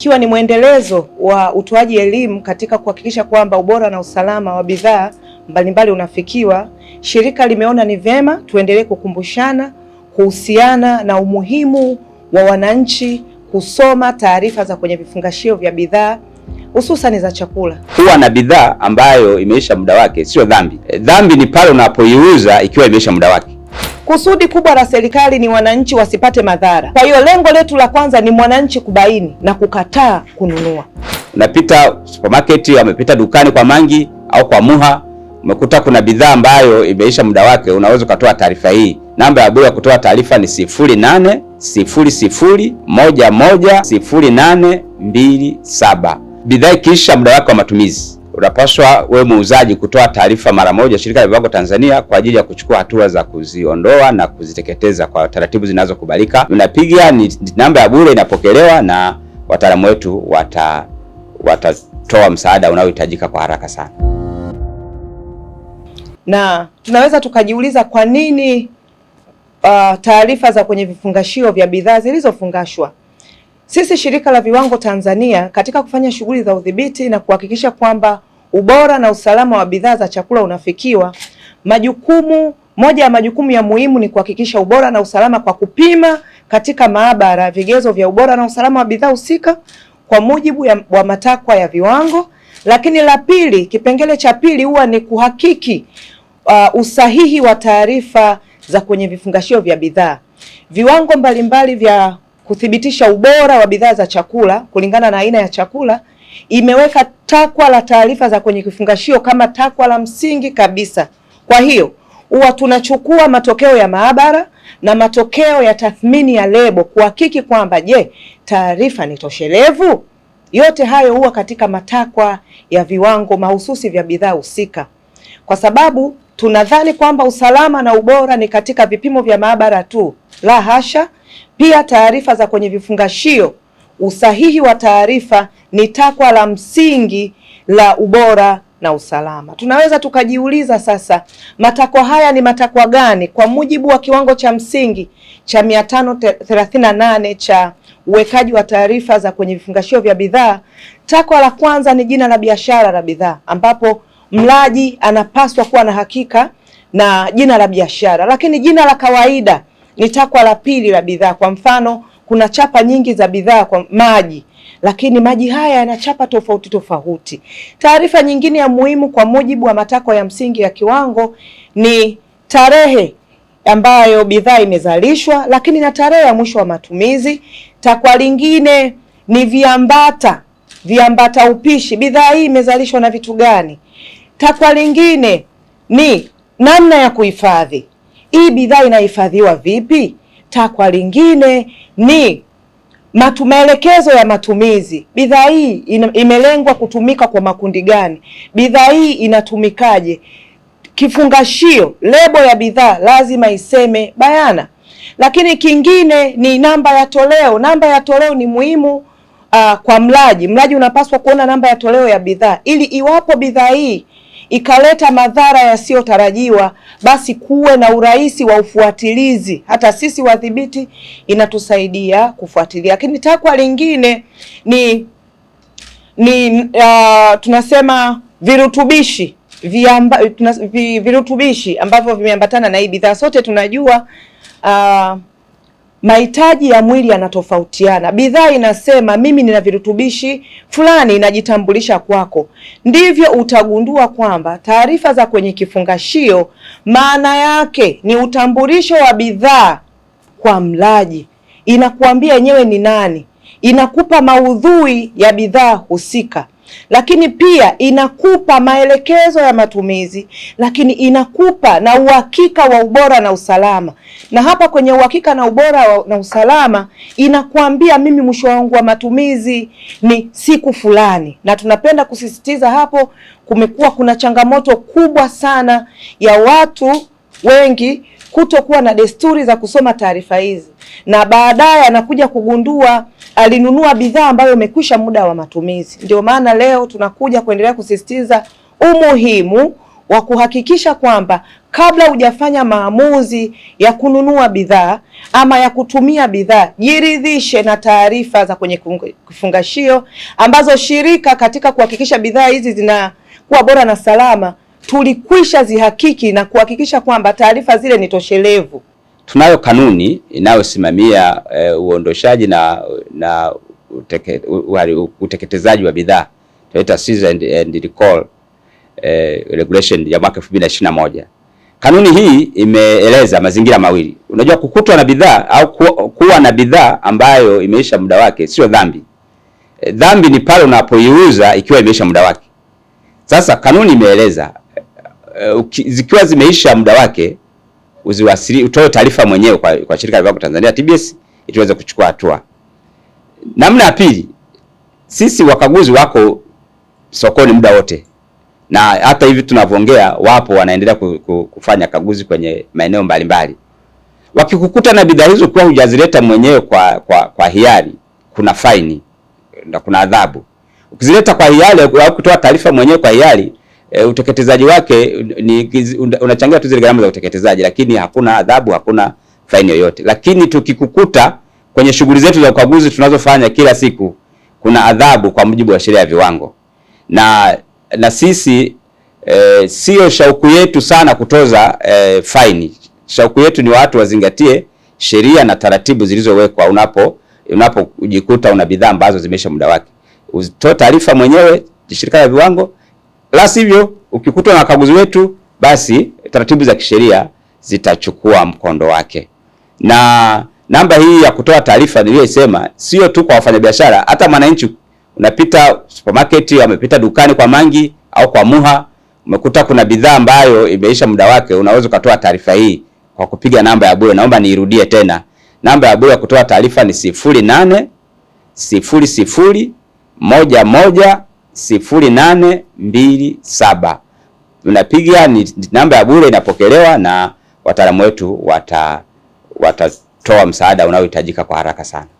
Ikiwa ni mwendelezo wa utoaji elimu katika kuhakikisha kwamba ubora na usalama wa bidhaa mbalimbali unafikiwa, shirika limeona ni vyema tuendelee kukumbushana kuhusiana na umuhimu wa wananchi kusoma taarifa za kwenye vifungashio vya bidhaa hususani za chakula. Kuwa na bidhaa ambayo imeisha muda wake sio dhambi. Eh, dhambi ni pale unapoiuza ikiwa imeisha muda wake. Kusudi kubwa la serikali ni wananchi wasipate madhara. Kwa hiyo lengo letu la kwanza ni mwananchi kubaini na kukataa kununua. unapita supermarket, amepita dukani kwa Mangi au kwa Muha, umekuta kuna bidhaa ambayo imeisha muda wake, unaweza ukatoa taarifa hii. Namba ya bure ya kutoa taarifa ni sifuri nane mbili saba. Bidhaa ikiisha muda wake wa matumizi unapaswa wewe muuzaji kutoa taarifa mara moja Shirika la Viwango Tanzania kwa ajili ya kuchukua hatua za kuziondoa na kuziteketeza kwa taratibu zinazokubalika. Unapiga ni namba ya bure, inapokelewa na wataalamu wetu wata watatoa msaada unaohitajika kwa haraka sana. Na tunaweza tukajiuliza kwa nini uh, taarifa za kwenye vifungashio vya bidhaa zilizofungashwa sisi Shirika la Viwango Tanzania katika kufanya shughuli za udhibiti na kuhakikisha kwamba ubora na usalama wa bidhaa za chakula unafikiwa, majukumu moja ya majukumu ya muhimu ni kuhakikisha ubora na usalama kwa kupima katika maabara vigezo vya ubora na usalama wa bidhaa husika kwa mujibu ya, wa matakwa ya viwango. Lakini la pili, kipengele cha pili huwa ni kuhakiki uh, usahihi wa taarifa za kwenye vifungashio vya bidhaa. Viwango mbalimbali vya kuthibitisha ubora wa bidhaa za chakula kulingana na aina ya chakula imeweka takwa la taarifa za kwenye kifungashio kama takwa la msingi kabisa. Kwa hiyo huwa tunachukua matokeo ya maabara na matokeo ya tathmini ya lebo kuhakiki kwamba je, taarifa ni toshelevu. Yote hayo huwa katika matakwa ya viwango mahususi vya bidhaa husika, kwa sababu tunadhani kwamba usalama na ubora ni katika vipimo vya maabara tu. La hasha! Pia taarifa za kwenye vifungashio usahihi wa taarifa ni takwa la msingi la ubora na usalama. Tunaweza tukajiuliza sasa, matakwa haya ni matakwa gani kwa mujibu wa kiwango cha msingi cha 538 cha uwekaji wa taarifa za kwenye vifungashio vya bidhaa? Takwa la kwanza ni jina la biashara la bidhaa, ambapo mlaji anapaswa kuwa na hakika na jina la biashara, lakini jina la kawaida ni takwa la pili la bidhaa. Kwa mfano, kuna chapa nyingi za bidhaa kwa maji, lakini maji haya yana chapa tofauti tofauti. Taarifa nyingine ya muhimu kwa mujibu wa matakwa ya msingi ya kiwango ni tarehe ambayo bidhaa imezalishwa, lakini na tarehe ya mwisho wa matumizi. Takwa lingine ni viambata, viambata upishi, bidhaa hii imezalishwa na vitu gani. Takwa lingine ni namna ya kuhifadhi, hii bidhaa inahifadhiwa vipi? Takwa lingine ni matu, maelekezo ya matumizi. Bidhaa hii imelengwa kutumika kwa makundi gani? Bidhaa hii inatumikaje? Kifungashio, lebo ya bidhaa lazima iseme bayana. Lakini kingine ni namba ya toleo. Namba ya toleo ni muhimu uh, kwa mlaji. Mlaji unapaswa kuona namba ya toleo ya bidhaa ili iwapo bidhaa hii ikaleta madhara yasiyotarajiwa, basi kuwe na urahisi wa ufuatilizi. Hata sisi wadhibiti inatusaidia kufuatilia, lakini takwa lingine ni ni uh, tunasema virutubishi viamba, tunas, virutubishi ambavyo vimeambatana na hii bidhaa. Sote tunajua uh, mahitaji ya mwili yanatofautiana. Bidhaa inasema mimi nina virutubishi fulani, inajitambulisha kwako, ndivyo utagundua kwamba taarifa za kwenye kifungashio maana yake ni utambulisho wa bidhaa kwa mlaji, inakuambia yenyewe ni nani, inakupa maudhui ya bidhaa husika lakini pia inakupa maelekezo ya matumizi, lakini inakupa na uhakika wa ubora na usalama. Na hapa kwenye uhakika na ubora wa, na usalama inakuambia mimi mwisho wangu wa matumizi ni siku fulani, na tunapenda kusisitiza hapo. Kumekuwa kuna changamoto kubwa sana ya watu wengi kutokuwa na desturi za kusoma taarifa hizi, na baadaye anakuja kugundua alinunua bidhaa ambayo imekwisha muda wa matumizi. Ndio maana leo tunakuja kuendelea kusisitiza umuhimu wa kuhakikisha kwamba kabla hujafanya maamuzi ya kununua bidhaa ama ya kutumia bidhaa, jiridhishe na taarifa za kwenye kifungashio ambazo shirika katika kuhakikisha bidhaa hizi zinakuwa bora na salama tulikwisha zihakiki na kuhakikisha kwamba taarifa zile ni toshelevu. Tunayo kanuni inayosimamia e, uondoshaji na, na uteke, uteketezaji wa bidhaa tunaita seize and, and Recall e, regulation ya mwaka 2021. Kanuni hii imeeleza mazingira mawili. Unajua, kukutwa na bidhaa au kuwa na bidhaa ambayo imeisha muda wake sio dhambi. E, dhambi ni pale unapoiuza ikiwa imeisha muda wake. Sasa kanuni imeeleza uh, zikiwa zimeisha muda wake uziwasili, utoe taarifa mwenyewe kwa, kwa shirika la viwango Tanzania TBS ituweze kuchukua hatua. Namna ya pili, sisi wakaguzi wako sokoni muda wote, na hata hivi tunavyoongea wapo wanaendelea kufanya kaguzi kwenye maeneo mbalimbali. Wakikukuta na bidhaa hizo kwa hujazileta mwenyewe kwa, kwa, kwa hiari, kuna faini na kuna adhabu. Ukizileta kwa hiari au kutoa taarifa mwenyewe kwa hiari, e, uteketezaji wake ni unachangia tu zile gharama za uteketezaji, lakini hakuna adhabu, hakuna faini yoyote. Lakini tukikukuta kwenye shughuli zetu za ukaguzi tunazofanya kila siku, kuna adhabu kwa mujibu wa sheria ya viwango, na na sisi e, sio shauku yetu sana kutoza e, faini. Shauku yetu ni watu wazingatie sheria na taratibu zilizowekwa unapo unapojikuta una bidhaa ambazo zimeisha muda wake, utoe taarifa mwenyewe shirika la viwango la sivyo ukikutwa na wakaguzi wetu, basi taratibu za kisheria zitachukua mkondo wake. Na namba hii ya kutoa taarifa niliyoisema sio tu kwa wafanyabiashara, hata mwananchi unapita supermarket, amepita dukani kwa Mangi au kwa Muha, umekuta kuna bidhaa ambayo imeisha muda wake, unaweza ukatoa taarifa hii kwa kupiga namba ya bure. Naomba niirudie tena, namba ya bure ya kutoa taarifa ni sifuri nane sifuri sifuri moja moja saba. Unapiga, ni namba ya bure, inapokelewa na wataalamu wetu wata watatoa msaada unaohitajika kwa haraka sana.